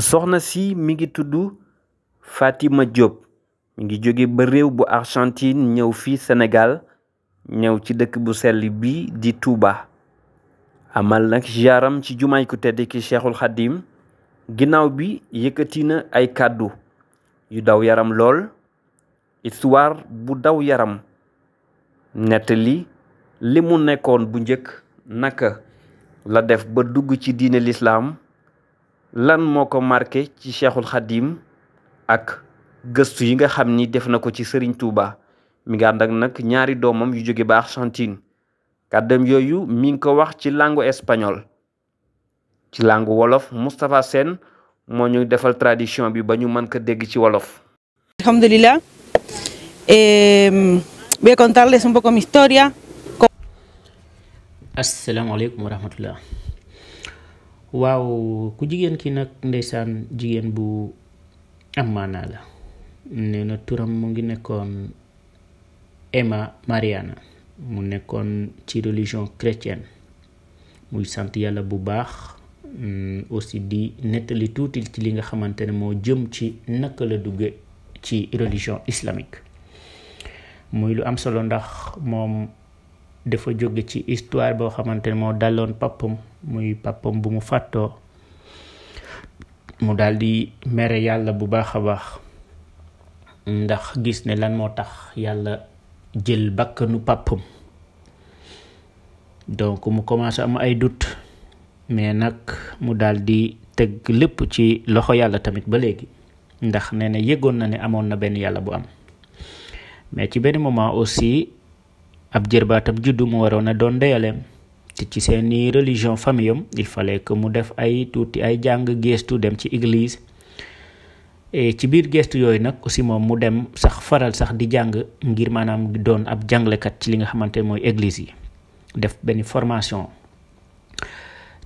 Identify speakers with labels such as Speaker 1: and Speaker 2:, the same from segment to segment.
Speaker 1: soxna si mi ngi tudd Fatima Diop mu ngi jóge ba réew bu Argentine ñëw fii Sénégal ñëw ci dëkk bu sell bi di tuuba amal nag jaaram ci jumaay ku tedd ki Cheikhul ginnaaw bi yëkkati na ay kàddu yu daw yaram lool histoire bu daw yaram nettali li mu nekkoon bu njëkk naka la def ba dugg ci diine lislaam lan moo ko marqué ci cheikhul xadim ak gëstu yi nga xam ni def na ko ci Serigne Touba mi ngi ànd ak nag ñaari doomam yu jóge ba Argentine kàddam yooyu mi ngi ko wax ci langue espagnol ci langue wolof Moustapha Sène moo ñu defal tradition bi ba ñu mën ko dégg ci wolof.
Speaker 2: alhamdulilah voy a contarles un poco mi historia.
Speaker 1: asalaamaaleykum wa waaw ku jigéen ki nag ndeysaan jigéen bu am la nee na turam mu ngi nekkoon Emma Mariana mu nekkoon ci religion chrétienne muy sant yàlla bu baax mm, aussi di nettali tuuti ci li nga xamante ne moo jëm ci naka la dugge ci religion islamique muy lu am solo ndax moom dafa jóge ci histoire boo xamante ne moo daloon pappam muy pàppam bu mu fàttoo mu daldi mere yàlla bu baax a baax ndax gis ne lan moo tax yàlla jël bakkanu pàppam donc mu commencé am ay doute mais nag mu daldi teg lépp ci loxo yàlla tamit ba léegi ndax nee ne yëgoon na ne amoon na benn yàlla bu am mais ci benn moment aussi ab jërbaatam juddu mu waroon a doon deyaleem te ci seeni religion famille am il fallait que mu def ay tuuti ay jàng gestu dem ci église e ci biir gestu yooyu nag aussi moom mu dem sax faral sax di jàng ngir maanaam doon ab jànglekat ci li nga xamante ne mooy église yi def benn formation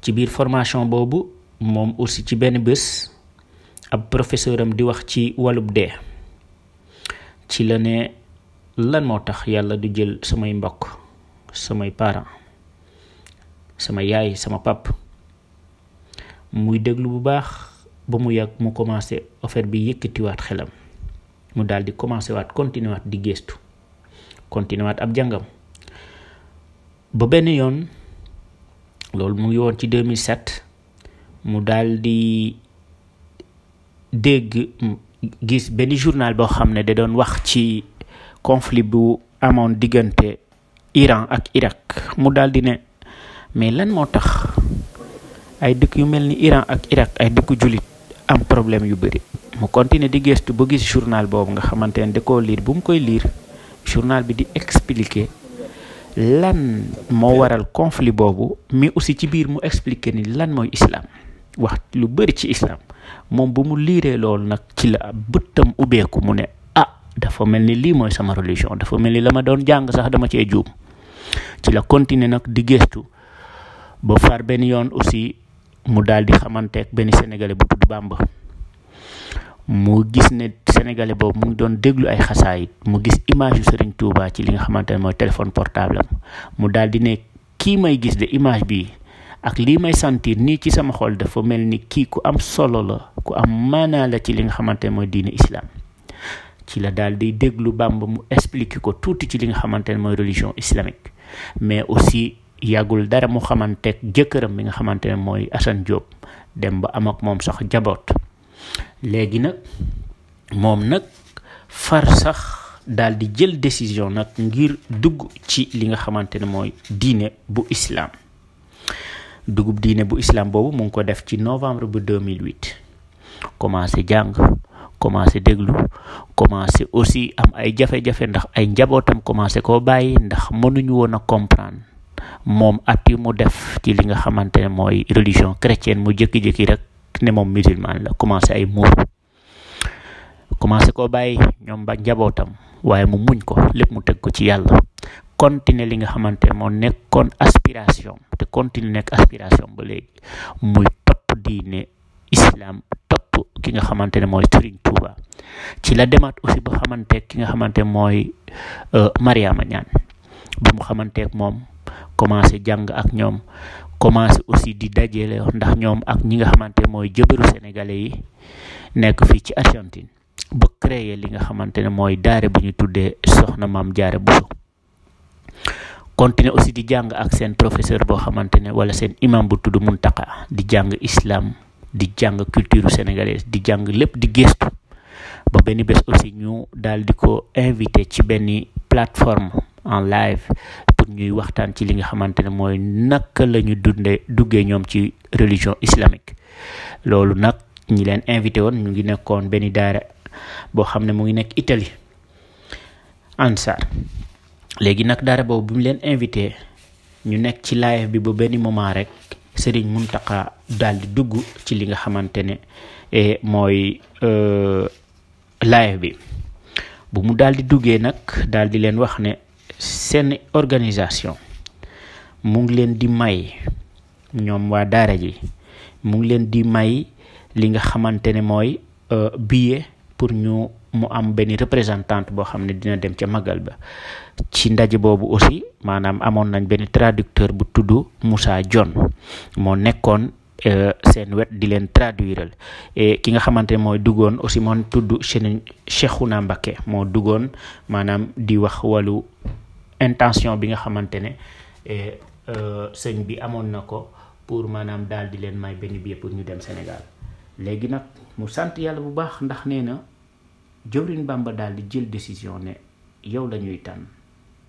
Speaker 1: ci biir formation boobu moom aussi ci benn bés ab professeur am di wax ci wàllub dee ci la ne lan moo tax yàlla du jël samay mbokk samay parent sama yaay sama pap muy déglu bu baax ba mu yàgg mu commencé affaire bi yëkkatiwaat xelam mu daal di commencé waat continué waat di gëstu continué ab jàngam ba benn yoon loolu mu ngi woon ci 2007 mu daal di dégg gis benn journal boo xam ne da doon wax ci conflit bu amoon diggante Iran ak Irak mu daal ne. mais lan moo tax ay dëkk yu mel ni Iran ak Irak ay dëkk jullit am problème yu bëri mu continuer di gëstu ba gis journal boobu nga xamante ne da koo liir bu mu koy liir journal bi di expliquer lan moo waral conflit boobu mais aussi ci biir mu expliquer ni lan mooy islaam wax lu bëri ci islam moom bu mu liiree loolu nag ci la bëtam ubbeeku mu ne ah dafa mel ni lii mooy sama religion dafa mel ni la ma doon jàng sax dama cee juum ci la continuer nag di gëstu ba far benn yoon aussi mu daal di xamanteek benn sénégalais bu tudd Bamba mu gis ne sénégalais boobu mu ngi doon déglu ay xasaayit mu gis image yu Serigne Touba ci li nga xamante ne mooy téléphone portable mu daal di ne kii may gis de image bi ak lii may sentir nii ci sama xol dafa mel ni kii ku am solo la ku am maanaa la ci li nga xamante ne mooy diine islam ci la daal di déglu Bamba mu expliquer ko tuuti ci li nga xamante ne mooy religion islamique mais aussi. yàggul dara mu xamante jëkkëram bi nga xamante ne mooy Assane jóob dem ba am ak moom sax njaboot léegi nag moom nag far sax daal di jël décision nag ngir dugg ci li nga xamante ne mooy diine bu islaam dugub diine bu islaam boobu mu ngi ko def ci novembre bu 2008 commencé jàng commencé déglu commencé aussi am ay jafe-jafe ndax ay njabootam commencé koo bàyyi ndax mënuñu woon a comprendre moom appui mu def ci li nga xamante ne mooy religion chrétienne mu jékki-jékki rek ne moom musulman la commencé ay muuru commencé ko bàyyi ñoom ba njabootam waaye mu muñ ko lépp mu teg ko ci yàlla continuer li nga xamante moo nekkoon aspiration te continue nekk aspiration ba léegi muy topp diine islam topp ki nga xamante ne mooy Serigne Touba ci la demaat aussi ba xamante ki nga xamante mooy euh, Mariama Ñaan ba mu xamanteek moom commencé jàng ak ñoom commencé aussi di dajale ndax ñoom ak ñi nga xamante mooy jëbëru sénégalais yi nekk fii ci Argentine bu créer li nga xamante ne mooy daare bu ñu tuddee soxna maam jaare Bousso continuer aussi di jàng ak seen professeur boo xamante ne wala seen imam bu tudd Muntaka di jàng islam di jàng culture sénégalaise di jàng lépp di gëstu ba benn bés aussi ñu daal di ko invité ci benn plateforme en live pour ñuy waxtaan ci li nga xamante ne mooy naka la ñu dundee duggee ñoom ci religion islamique loolu nag ñi leen invité woon ñu ngi nekkoon benni daare boo xam ne mu ngi nekk Italie Ansar léegi nag daara boobu bi mu leen invité ñu nekk ci live bi ba benn moment rek Serigne Mountakha daal di dugg ci li nga xamante ne e, mooy e, live bi bu mu daal duggee nag daal leen wax ne. seen organisation mu ngi leen di may ñoom waa daara ji mu ngi leen di may li nga xamante ne mooy euh, billet pour ñu mu am benn représentante boo xam ne dina dem ca magal ba ci ndaje boobu aussi maanaam amoon nañ benn traducteur bu tudd Moussa John moo nekkoon euh, seen wet di leen traduiral ki nga xamante ne mooy duggoon aussi moo tudd Serigne na Mbacké moo duggoon maanaam di wax wàllu intention bi nga xamante ne eh, euh, sëñ bi amoon na ko pour maanaam daal di leen may benn bi pour ñu dem Sénégal léegi nag mu sant yàlla bu baax ndax nee na jëwriñ Bamba daal di jël décision ne yow la ñuy tànn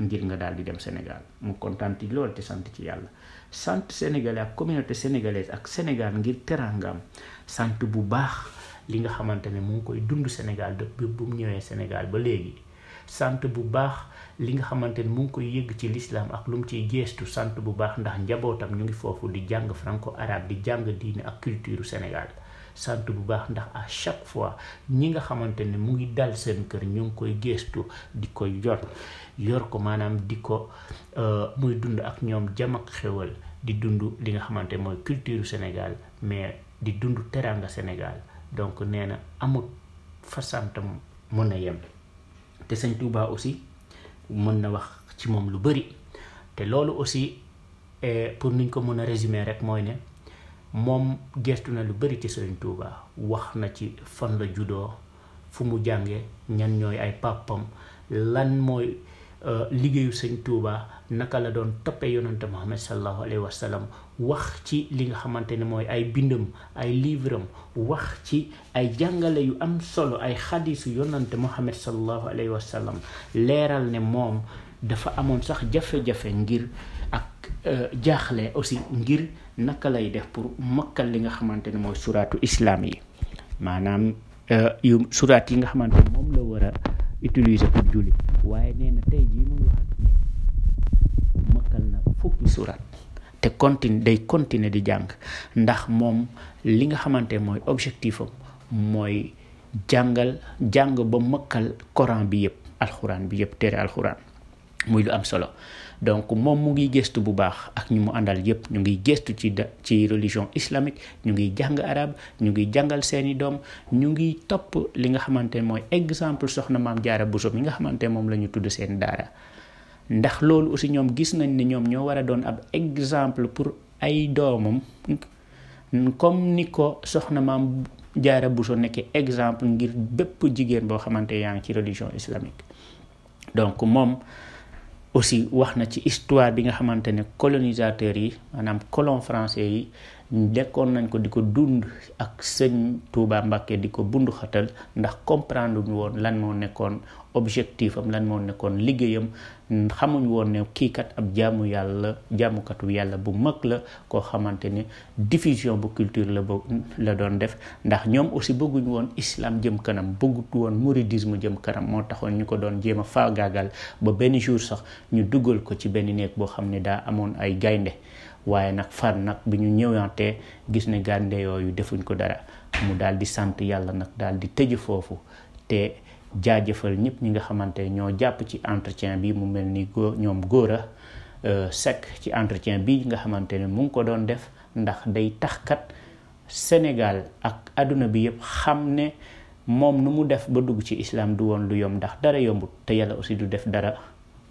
Speaker 1: ngir nga daal di dem Sénégal mu kontaan ci lool te sant ci yàlla sant sénégalais ak communauté sénégalaise ak Sénégal ngir teraangaam sant bu baax li nga xamante ne mu ngi koy dund Sénégal dëpp bu ñëwee Sénégal ba léegi. sant bu baax li nga xamante ni mu ngi koy yëgg ci lislaam ak lu mu ciy géestu sant bu baax ndax njabootam ñu ngi foofu di jàng franco arabe di jàng diine ak culture Sénégal sant bu baax ndax à chaque fois ñi nga xamante ne mu ngi dal seen kër ñu ngi koy géestu di ko yor yor ko maanaam di ko euh, muy dund ak ñoom jam ak xéwal di dund li nga xamante mooy culture Sénégal mais di dund teraanga Sénégal donc nee na amut fa santam mën a yem te sëñ Touba aussi mën na wax ci moom lu bëri te loolu aussi eh, pour niñ ko mën a résumer rek mooy ne moom gestu na lu bëri ci sëñ Touba wax na ci fan la juddoo fu mu jànge ñan ñooy ay pàppam lan mooy Euh, liggéeyu sëñ Tuuba naka la doon toppee yonante Muhammad sallallahu alayhi wa wax ci li nga xamante ne mooy ay bindam ay livre am wax ci ay jàngale yu am solo ay xadisu yonante Muhammad sallallahu alayhi wa sallam leeral ne moom dafa amoon sax jafe-jafe ngir ak euh, jaaxle aussi ngir naka lay def pour makkal li nga xamante ne mooy suraatu islaam yi maanaam euh, yu suraat yi nga xamante ne moom la war a utiliser pour julli waaye nee na tey jii muy wax ak yéen na fukki suuraat te continue day continuer di jàng ndax moom li nga xamante mooy objectif mooy jàngal jàng ba makkal Coran bi yëpp alxuraan bi yëpp téere alxuraan muy lu am solo donc moom mu ngi gëstu bu baax ak ñu mu àndal yépp ñu ngi gëstu ci da ci religion islamique ñu ngi jàng arab ñu ngi jàngal seeni doom ñu ngi topp li nga xamante ne mooy exemple soxna maam jaara Bousso mi nga xamante moom la ñu tudd seen daara ndax loolu aussi ñoom gis nañ ni ñoom ñoo war a doon ab exemple pour ay doomam comme ni ko soxna maam jaara Bousso nekkee exemple ngir bépp jigéen boo xamante yaa ngi ci religion islamique donc moom aussi wax na ci histoire bi nga xamante ne colonisateurs yi maanaam colon français yi dekkoon nañ ko di ko dund ak sëñ Touba Mbacke di ko bunduxatal ndax comprendre ñu woon lan moo nekkoon objectif am lan moo nekkoon liggéeyam xamuñ woon ne kiikat ab jàmmu yàlla jàmmukatu yàlla bu mag la koo xamante ne diffusion bu culture la bo la doon def ndax ñoom aussi bëgguñ woon islam jëm kanam bëggut woon mouridisme jëm kanam moo taxoon ñu ko doon jéem a faagaagal ba benn jour sax ñu dugal ko ci benn néeg boo xam ne daa amoon ay gaynde waaye nag far nag bi ñu ñëwaatee gis ne gaynde yooyu defuñ ko dara mu daal di sant yàlla nag daal di tëj foofu te jaajëfal ñëpp ñi nga xamante ñoo jàpp ci entretien bi mu mel ni góor ñoom góor a euh, sekk ci entretien bi nga xamante ne mu ngi ko doon def ndax day tax kat Sénégal ak àdduna bi yëpp xam ne moom nu mu def ba dugg ci islam du woon lu yomb ndax dara yombut te yàlla aussi du def dara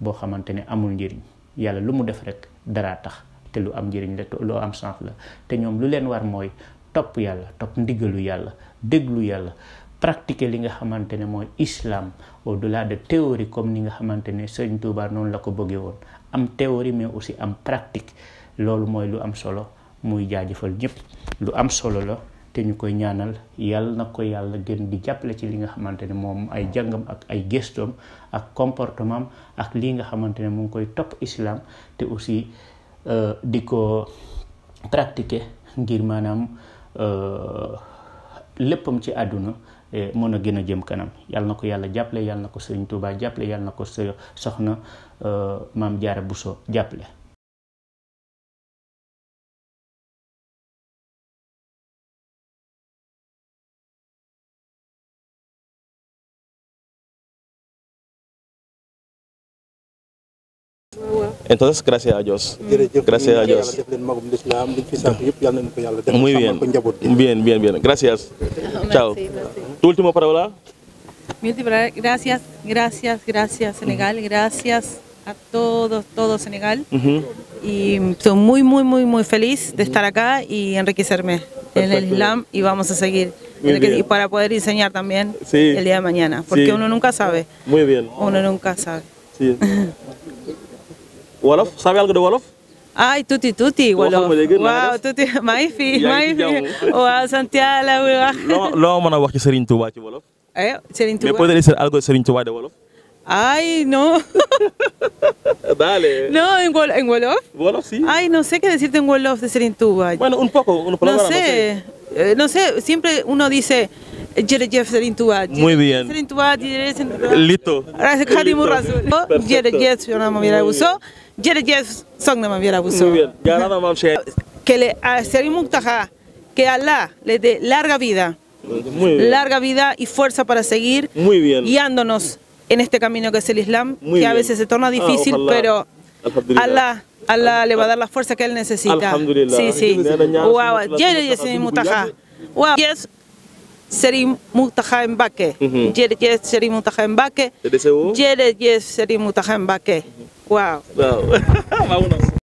Speaker 1: boo xamante ne amul njëriñ yàlla lu mu def rekk dara tax te lu am njëriñ la loo am sens la te ñoom lu leen war mooy topp yàlla topp ndigalu yàlla déglu yàlla pratiquer li nga xamante ne mooy islam du laa de théorie comme ni nga xamante ne Sëriñ Tuubaa noonu la ko bëggee woon am théorie mais aussi am pratique loolu mooy lu am solo muy jaajëfal ñëpp lu am solo la te ñu koy ñaanal yàlla na ko yàlla gën di jàppale ci li nga xamante ne moom ay jàngam ak ay gëstoom ak comportement ak lii nga xamante ne mu ngi koy topp islam te Eh, di ko pratiquer ngir maanaam eh, léppam ci àdduna eh, mën a gën a jëm kanam yàlla na ko yàlla jàppale yàlla na ko sëriñ Tuubaa jàppale yàlla na ko soxna maam Jaara Buso jàppale Entonces, gracias a Dios. Gracias a Dios. Muy bien.
Speaker 2: Gracias. ¿Tu última palabra? Mi gracias, gracias, Senegal, gracias a todo Senegal. Y estoy muy, muy, muy, feliz de estar acá y enriquecerme en el Islam y vamos a seguir. Y para poder enseñar también el día de mañana, porque uno nunca sabe. Uno nunca sabe. wolof sabel nga de wolof ay tuuti tuuti wolof waaw tuuti maa ngi fi maa ngi sant wax loo mën a wax ci Serigne Touba ci wolof ay Serigne Touba mais peut être algo Serigne Touba de wolof Ay, no.
Speaker 1: Dale.
Speaker 2: No, en, Wolof. en Wolof. Wolof, sí. Ay, no sé qué decirte en Wolof de ser eh, No sé, siempre uno dice, Jerejef Serintua. Muy bien. Serintua, Jerejef Serintua. Listo.
Speaker 1: Listo. Listo. Listo.
Speaker 2: jërëjëf sognamam Yarabuso. Que a Serigne que Alá le dé larga vida, larga vida y fuerza para seguir guiándonos en este camino que es el Islam, que a veces se torna ah, difícil, pero Allah, Allah le va a dar la fuerza que él necesita. Sí, sí. Wow, jërëjëf Serigne Muntaha. yes. Serigne Mountakha Mbacké mhm. jërëjëf Serigne Mountakha Mbacké jërëjëf Serigne Mountakha Mbacké mhm. waaw waaw